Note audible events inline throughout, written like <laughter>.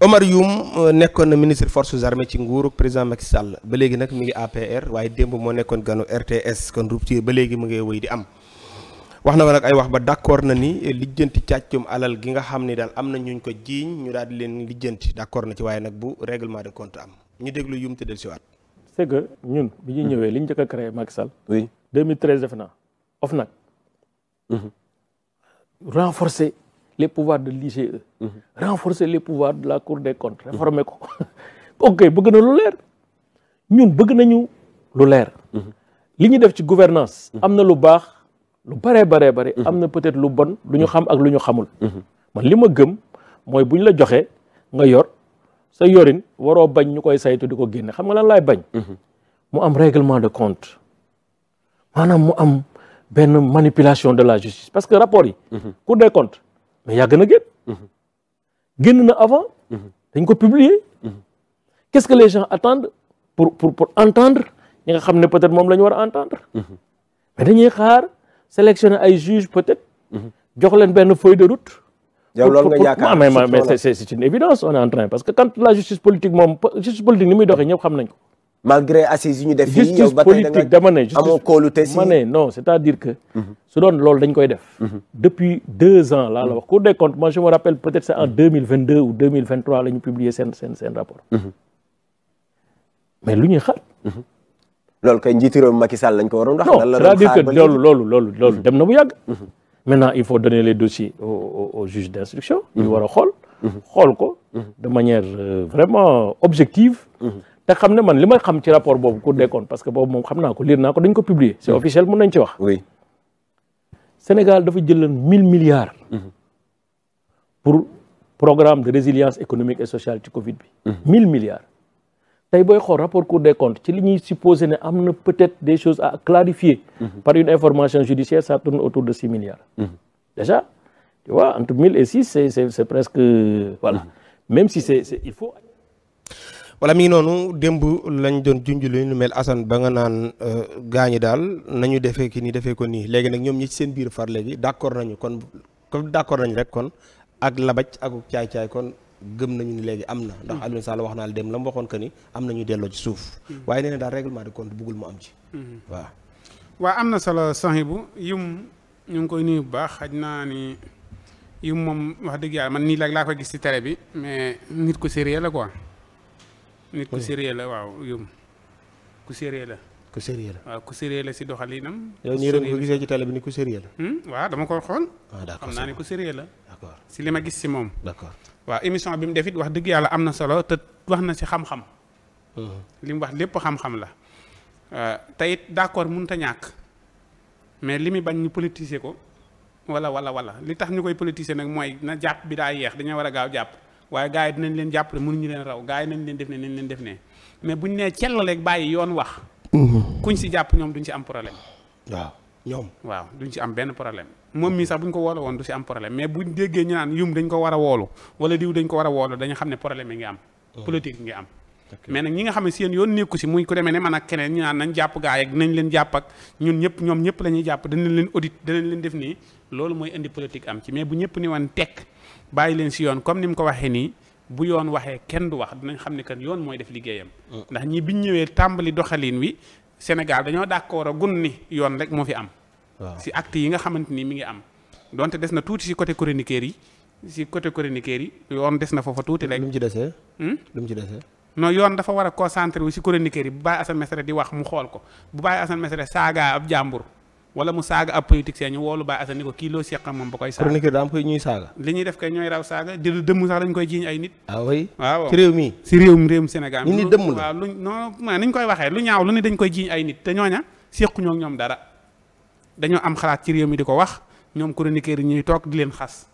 Omar Youm euh, nekkoon na ministre forces armées ci nguuru président Macky ba léegi nag mi ngi APR waaye démb moo nekkoon ganu RTS kon rupture ba léegi mu ngi wëy di am wax na ko nag ay wax ba d'accord na ni lijjanti càccum alal gi nga xam ni daal am na ñuñ ko jiiñ ñu daal di leen lijjanti d'accord na ci waaye nag bu règlement de compte am ñu déglu Youm te dellusiwaat. c'est que ñun bi ñu ñëwee li ñu njëkk a créé Macky Sall. oui 2013 def na OFNAC. Mhm. renforcer. les pouvoirs de l'IGE mhm. renforcer les pouvoirs de la cour des comptes réformer ko <laughs> ok bëgg na lu leer ñun bëgg nañu lu leer mhm. li ñu def ci gouvernance mhm. am na lu baax lu baree baree bare am na peut-être lu bon lu ñu xam ak lu ñu xamul man li ma gëm mooy bu ñu la joxee nga yor sa yorin waroo bañ ñu koy saytu di ko génne xam nga lan laay bañ mu am règlement de compte maanaam mu am benn manipulation de la justice parce que rapport yi cour des comptes mais yàgg na génn. Mhm. génn na avant. Mhm. dañ ko publier. Mhm. qu'est-ce que les gens attendent pour pour pour entendre ñi nga xam ne peut-être moom la ñu war a entendre. mais dañuy xaar sélectionner ay juges peut-être. jox leen benn feuille de route. yow loolu nga yaakaar mais mais c'est évidence on est parce que quand la justice politique moom justice politique ni muy doxee ñëpp xam nañ ko. ñu def fii yow ba justice politique dama ne justice ma ne non c'est-à-dire que. su doon loolu dañ koy def. Mhm. depuis deux ans laa la mhm. wax Cour des comptes moi je me rappelle peut-être c'est en ou deux mille seen rapport. Mhm. mais lu ñuy xaar. loolu koy njiitu réew Macky Sall lañ ko waroon wax. lan la doon xaar loolu loolu loolu dem na bu yàgg. maintenant il faut donner les dossiers au au juge d'instruction. ñu war xool. xool ko. de manière euh, vraiment objective. te xam ne man li may xam ci rapport boobu Cour des comptes parce que boobu moom xam naa ko lire naa ko dañ ko publier c'est nañ ci wax. Sénégal dafa jëlan mille milliards mhm. pour programme de résilience économique et sociale ci Covid bi mhm. mille milliards tey booy xool rapport Cour des comptes ci li ñuy supposé ne am na peut-être des choses à clarifier mhm. par une information judiciaire ça tourne autour de six milliards déjà tu vois entre mille et six c'est presque euh, voilà même si c'est il faut wala mi ngi noonu démb lañ doon junj lu ñu mel Assane ba nga naan euh, gaañi daal nañu defee ki nii defee ko nii léegi nag ñoom ñi ci seen biir far léegi d'accord nañu kon comme d'accord nañu rek kon ak labaj ak caay-caay kon gëm nañu ni léegi am na ndax mm. Aliou Sall wax naa la dem la mu waxoon que ni am nañu delloo ci suuf mm. waaye nee na daal règlement de kon bëggul mu am ci mm. waaw waa am na solo bu yum ñu ngi koy nuyu bu baax xaj naa ni yum moom wax dëgg yàlla man nii laa laa ko gis ci télé bi mais nit ko sérieux la nit ku sérieux la waaw yum ku sérieux la. ku sérieux la waaw ku sérieux la si doxalinam. yow nii ren ko gisee ci télé bi ni ku sérieux la. Hmm? waaw dama ko xool. waaw ah, d'accord naa ne ku la. d'accord si li ma gis si moom. d'accord waaw émission bi mu def it wax dëgg yàlla am na solo te wax na si xam-xam. Hmm. li mu wax lépp xam-xam la. Euh, te it mun mënut ñàkk mais li muy bañ ñu politiser ko wala wala wala li tax ñu koy politiser nag mooy na jàpp bi daa yeex dañoo war a gaaw jàpp. waaye gars yi dinañ leen jàppale mënuñu leen raw gars yi nañ leen def ne nañ leen def ne mais buñ nee cellaleeg bàyyi yoon wax mhm. kuñ si jàpp ñoom duñ si am problème waaw ñoom waaw duñ si am benn problème moom mii sax bu ñu ko woola woon du si am problème mais buñ déggee ñu naan yum dañ ko war a woolu wala diw dañ ko war a woolu dañu xam ne problème yi ngi am mhm. politique ngi am mais nag ñi nga xam ne seen yoon nekku si muy ku demee ne man ak keneen ñu naan nañ jàpp gaay ak nañ leen jàpp ak ñun ñëpp ñoom ñëpp la ñuy jàpp danañ leen audit danañ leen def nii loolu mooy indi politique am ci mais bu ñëpp ni woon tekk bàyyi leen si yoon comme ni ko waxee nii bu yoon waxee kenn du wax dinañ xam ne kan yoon mooy def liggéeyam mm. ndax ñi biñ ñëwee tàmbali doxalin wi Sénégal dañoo d'accord a gun ni yoon rek moo fi am si acte yi nga xamante ni mi ngi am donte des na tuuti si côté chroniqueur yi si côté chroniqueur yi yoon des na foofa tuuti rek lu ci desee hmm? lu ci desee non yoon dafa war a concentré wu si chroniqueur yi bu bàyyi Assane Mesere di wax mu xool ko bu baay Assane Mesere saaga ab jàmbur wala mu saaga ab politicien ñu woolu bàyyi Assane ni ko kii loo seq moom ba koy saaga chroniqueur daa am koy ñuy saaga li ñuy def kay ñooy raw saaga di lu dëmm sax jiiñ ay nit ah oui waaw ci réew mi si réew mi réewum Sénégal ñu ni dëmm la waaw lu non ma ni ñu koy waxee lu ñaaw lu ne dañ koy jiiñ ay nit te ñooña séquñoo ñoom dara dañoo am xalaat ci réew mi di ko wax ñoom chroniqueur yi ñuy toog di leen xas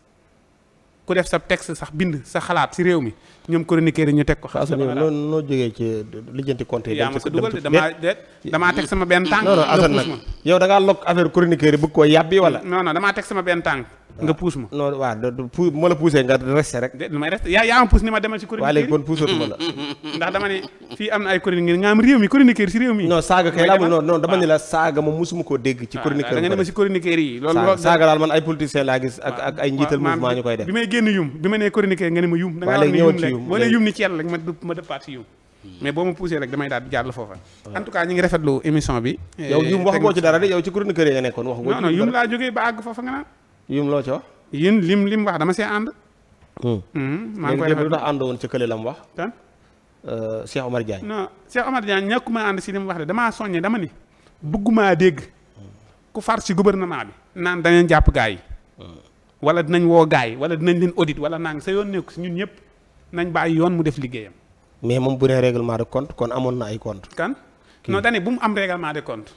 ku def sa texte sax bind sa xalaat si réew mi ñoom chroniqueur yi ñu teg ko. xam nga loolu noo jógee ci lijjanti compte yaa ma ko dugal de damaa de damaa teg sama benn tànk. non non nag yow da ngaa lokk affaire chroniqueur yi bëgg koo yàbbi wala. non non damaa teg sama benn tànk. nga puus ma non la puus ma demal la <laughs> ndax na ma ni ma hmm. hmm. eh, ma ci dara yi nga nekkoon wax ba àgg foofa nga naan yim loo ci wax. yéen lim lim wax dama see ànd. Hmm. Hmm, maa ngi koy lu tax ànd woon ci kële la mu wax. kan euh, Cheikh Omar Diagne. non Cheikh Omar Diagne ñàkkuma ànd si li wax de damaa soññe dama ni. bëgguma dégg ku far si gouvernement bi. naan danañ jàpp gaa yi. wala dinañ woo gaa yi wala dinañ leen audit wala nang sa yoon nekku si ñun ñëpp nañ bàyyi yoon mu def liggéeyam. mais moom bu dee réglement de compte kon amoon na ay compte kan non dañu bu mu am règlement de compte.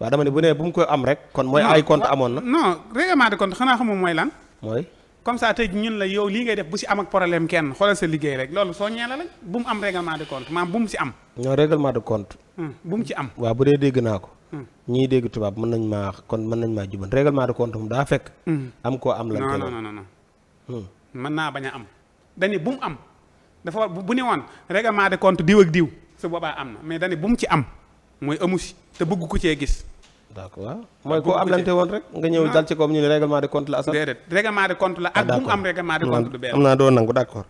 waaw dama ne bu nee bu mu koy am rek kon mooy ay compte na non règlement de compte xanaa mooy lan mooy comme ça tey ñun la yow lii ngay def bu si am ak problème kenn xoolal sa liggéey rek loolu soo ñeela lañ bu mu am règlement de compte maam bu mu si am ñoo règlement de compte hmm, bu mu ci am waaw bu dee dégg naa ko hmm. dégg tubaab mën nañ maa kon mën nañ maa juban règlement de compte moom daa fekk hmm. am koo am lan non non non mën naa bañ a am dañu bu mu am dafa war bu bu ne woon règlement de compte diw ak diw su boobaa am na mais dañu bu mu ci am mooy amu si te bëgg ko cee gis. d'accord mooy ko lante woon rek nga ñëw dal ci koom ñu ne règlement de compte la Assane. déedéet règlement de compte la ak bu mu am règlement de compte du benn. am naa doo nangu d'accord.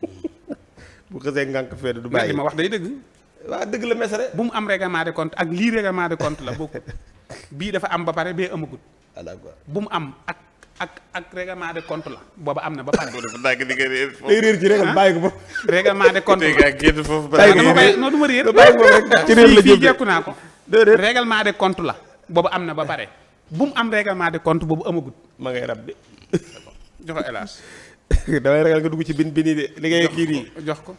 <laughs> bu xasee ngànk fee du bàyyi. ma wax day dëgg. waaw dëgg la mesere. bu mu am règlement de compte ak lii règlement de compte la bokkut <laughs> bii dafa am ba pare bee amagut. Ah, bu mu am ak. ak ak règlement de compte la booba am na ba pare. <laughs> day réer ci régal ah? bàyyi ko foofu. règlement de ma ah, naa ko. déedéet règlement de compte la booba am na ba pare bu mu am règlement de compte boobu amagut. ma ngay rab de. <laughs> damay ragal nga dugg ci bin bini de li ngay kii nii jox ko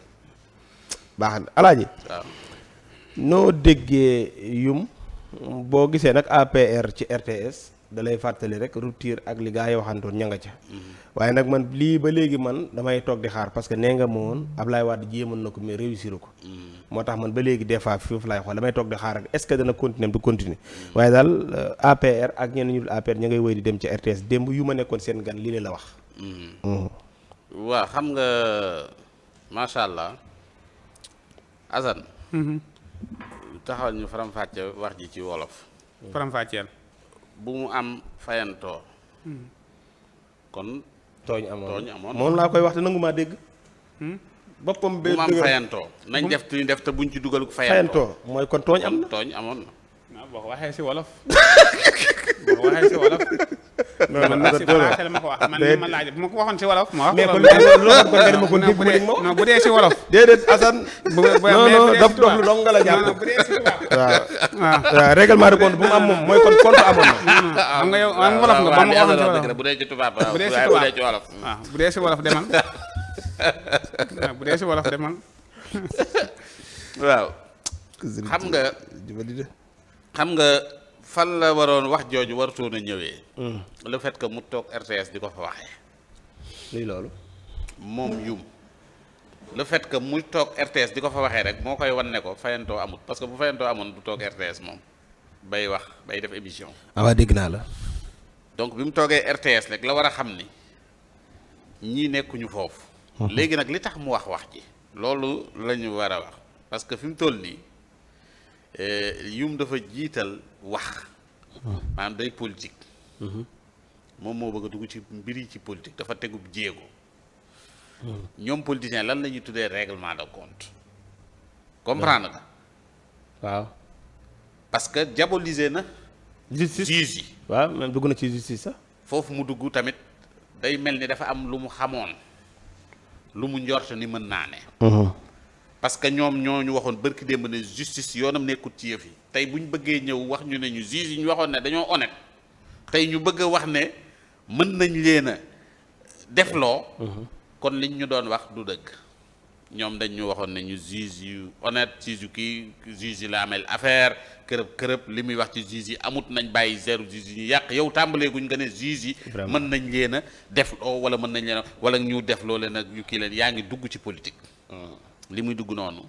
baax na alaaji waaw noo déggee yum boo gisee nag APR ci RTS dalay lay fàttali rek rupture ak li yi waxantoon ña nga ca. Mm-hmm. waaye nag man lii ba léegi man damay toog di xaar parce que nee nga ma woon Ablaye Wade jéemoon na ko mais réussir ko. Mm-hmm. moo tax man ba léegi des fois foofu laay xool damay toog di xaar est ce que dana continuer du continuer. Mm-hmm. waaye daal euh, APR ak ñenn ñu dul APR ña ngay woy di dem ca RTS démb yu ma nekkoon seen gan lii la wax. waa xam nga macha allah Assane. taxawal ñu faram wax ji ci wolof. faram bu mu am fayantoo hmm. kon tooñ amoon tooñ amoon moom laa koy wax te nangu maa dégg hmm? boppam bee bu mu am fayantoo nañ def te ñu def te buñ ci dugalu fayantoo mooy kon tooñ am na tooñ amoon na ah, boo ko waxee si wolof <laughs> boo ko waxee si wolof loolu nag si français la ma ko wax man li ma laaj bu ma ko waxoon si wolof ma wax ko non bu dee si wolof déedéet Assane non non daf dof lu dong nga la jàpp bu dee si wolof waaw ah. waaw règlement de compte bu mu am moom mooy kon compte amoon na xam nga yow am wolof nga ba mu waxoon bu dee ci tubaab bu dee si wolof waaw bu dee si ah, ah, wolof demal waaw bu dee si wolof demal waaw xam nga xam nga fan la waroon wax jooju wartoon a ñëwee. Mm. le fait que mu toog RTS di ko fa waxee. lii loolu. moom yum le fait que mu toog RTS di ko fa waxee rek moo koy wane ne ko fayantoo amut parce que bu fayantoo amoon du toog RTS moom bay wax bay def émission. Ah waaw dégg naa la. donc bi mu toogee RTS rek la war a xam ni ñii nekkuñu foofu. Mm-hmm. léegi nag li tax mu wax wax ji. loolu la ñu war a wax parce que fi mu toll nii. Euh, yum dafa jiital wax maanaam day politique moom moo bëgg a dugg ci mbir yi ci politique dafa tegub jéego ñoom politicien lan la ñuy tuddee règlement de compte comprendre nga waaw parce que diaboliser na justice yi waaw même dugg na ci justice sax foofu mu dugg tamit day mel ni dafa am lu mu xamoon lu mu njort ni mën naa ne parce que ñoom ñoo ñu waxoon bërki démb ne justice yoonam nekkut ci yëf yi tey bu ñu bëggee ñëw wax ñu ne ñu juge yi ñu waxoon ne dañoo honnête tey ñu bëgg a wax ne mën nañ leen a defloo kon liñ ñu doon wax du dëgg ñoom dañ ñu waxoon ne ñu juge yu kii juge la amel affaire kërëb kërëb li muy wax ci juge yi amut nañ bàyyi zéro juge yi ñu yàq yow tàmbalee guñ nga ne yi mën nañ leen a defloo wala mën nañ leen a wala ñu defloo leen ak ñu kii leen yaa ngi dugg ci politique li muy dugg noonu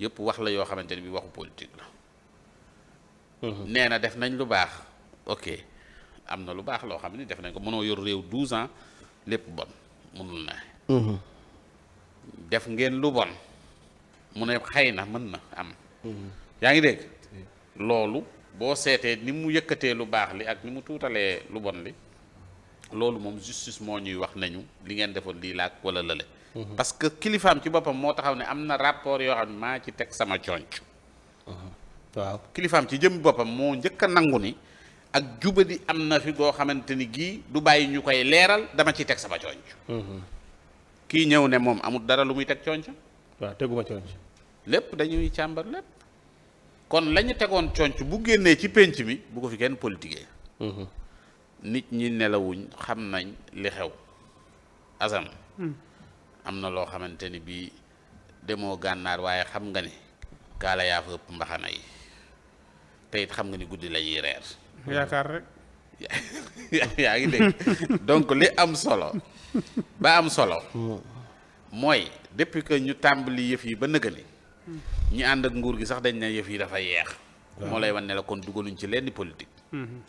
yëpp wax la yoo xamante ne bi waxu politique la. Mhm. nee na def nañ lu baax ok am na lu baax loo xam ni def nañ ko mënoo yor réew 12 ans lépp bon mënul na. Mhm. def ngeen lu bon mu ne xëy na mën na am. Mhm. yaa ngi dégg loolu boo seetee ni mu yëkkatee lu baax li ak ni mu tuutalee lu bon li loolu moom justice moo ñuy wax nañu li ngeen defoon lii laak wala lële. Mm-hmm. parce que kilifaam ci boppam moo taxaw ne am na rapport yoo xam ne maa ci teg sama conc mm-hmm. waaw kilifaam ci jëm boppam moo njëkk a nangu ni ak jubadi am na fi goo xamante ni gii du bàyyi ñu koy leeral dama ci teg sama conc mm-hmm. kii ñëw ne moom amul dara lu muy teg conc waaw teguma conc lépp dañuy càmbar lépp kon la tegoon conc bu génnee ci pénc mi bu ko fi kenn politiquee nit ñi nelawuñ xam nañ li xew asam mm. am na loo xamante ni bii demoo gànnaar waaye xam nga ni kaala yaa fa ëpp mbaxana yi te it xam nga ni guddi la ñuy reer. yaakaar rek. <laughs> yaa ngi dégg donc li am solo ba am solo. mooy depuis que ñu tàmbali yëf yi ba nëgëni ñi ànd ak nguur gi sax dañ na yëf yi dafa yeex moo lay wan ne la kon dugaluñ ci lenn politique mm-hmm.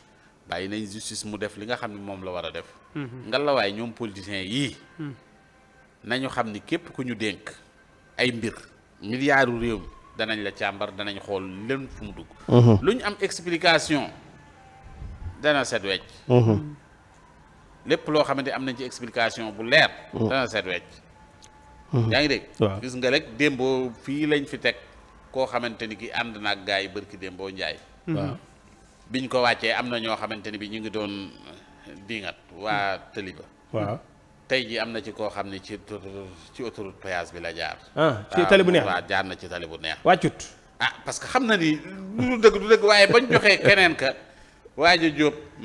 bàyyi nañ justice mu def li nga xam ne moom la war a def mm-hmm. ngalawaay ñoom politiciens yii mm-hmm. nañu xam ni képp ku ñu dénk ay mbir milliardu réew danañ la càmbar danañ xool leen fu mu dugg mhm. lu ñu am explication dana set wecc mhm. lépp loo xamante am nañ ci explication bu leer mhm. dana set wecc yaa ngi de gis nga rek démboo fii lañ fi teg koo xamante ni ki ànd na ak gars yi bërki démboo njaay biñ ko wàccee am na ñoo xamante ni bi ñu ngi doon eh, dingat waa tëliba waaw tey jii am na ci koo xam ne ci ci autoroute péage bi la jaar. ah ci tali bu neex waa jaar na ci tali bu neex. wàccut ah parce que xam na ni du dëgg du dëgg waaye bañ joxee keneen ka waa ji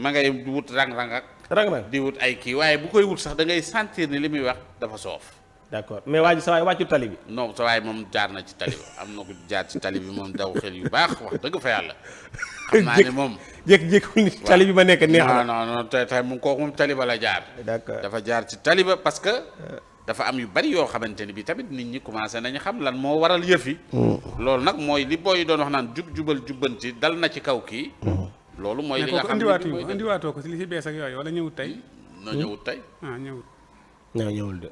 ma ngay wut rang-rang ak. rang-rang di wut ay kii waaye bu koy wut sax da ngay sentir ni li muy wax dafa soof. d'accord mais waa ji sa waay wàccut tali bi. non sa waaye moom jaar na ci tali bi am na ko jaar ci tali bi moom daw xel yu baax wax dëgg fa yàlla. maa ne moom jékki-jékki ni tali bi ma nekk neex na. non non tey jaar. d'accord dafa jaar ci taliba parce que. Euh. dafa am yu bari yoo xamante ni bi tamit nit ñi commencé nañu xam lan moo waral yëf yi. Hmm. loolu nag mooy li booy doon wax naan jub jubal jubbanti dal na ci kaw kii. Hmm. loolu mooy li nga xam indiwaatoo ko si li si yooyu wala ñëwut tey. Hmm. noo ñëwut tey. ah ñëwut. non ñëwul de.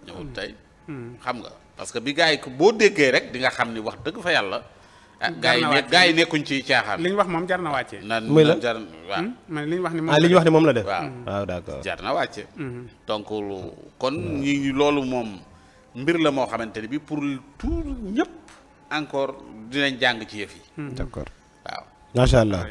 xam nga parce que bi gars yi boo déggee rek di nga xam ni wax dëgg fa yàlla. ah gaa yi ne gaa yi nekkuñ ci caaxaan. li wax moom jar na wàcce. naan naan jar waaw. Hmm? man li ñu wax ni moom la def ah li ñu wax ni moom la def. waaw hmm. ah, d'accord jar na wàcce. Hmm. donc kon ñi loolu moom mbir la moo xamante ne bi pour tout ñëpp encore dinañ jàng ci yëf yi. d'accord waaw macha allah.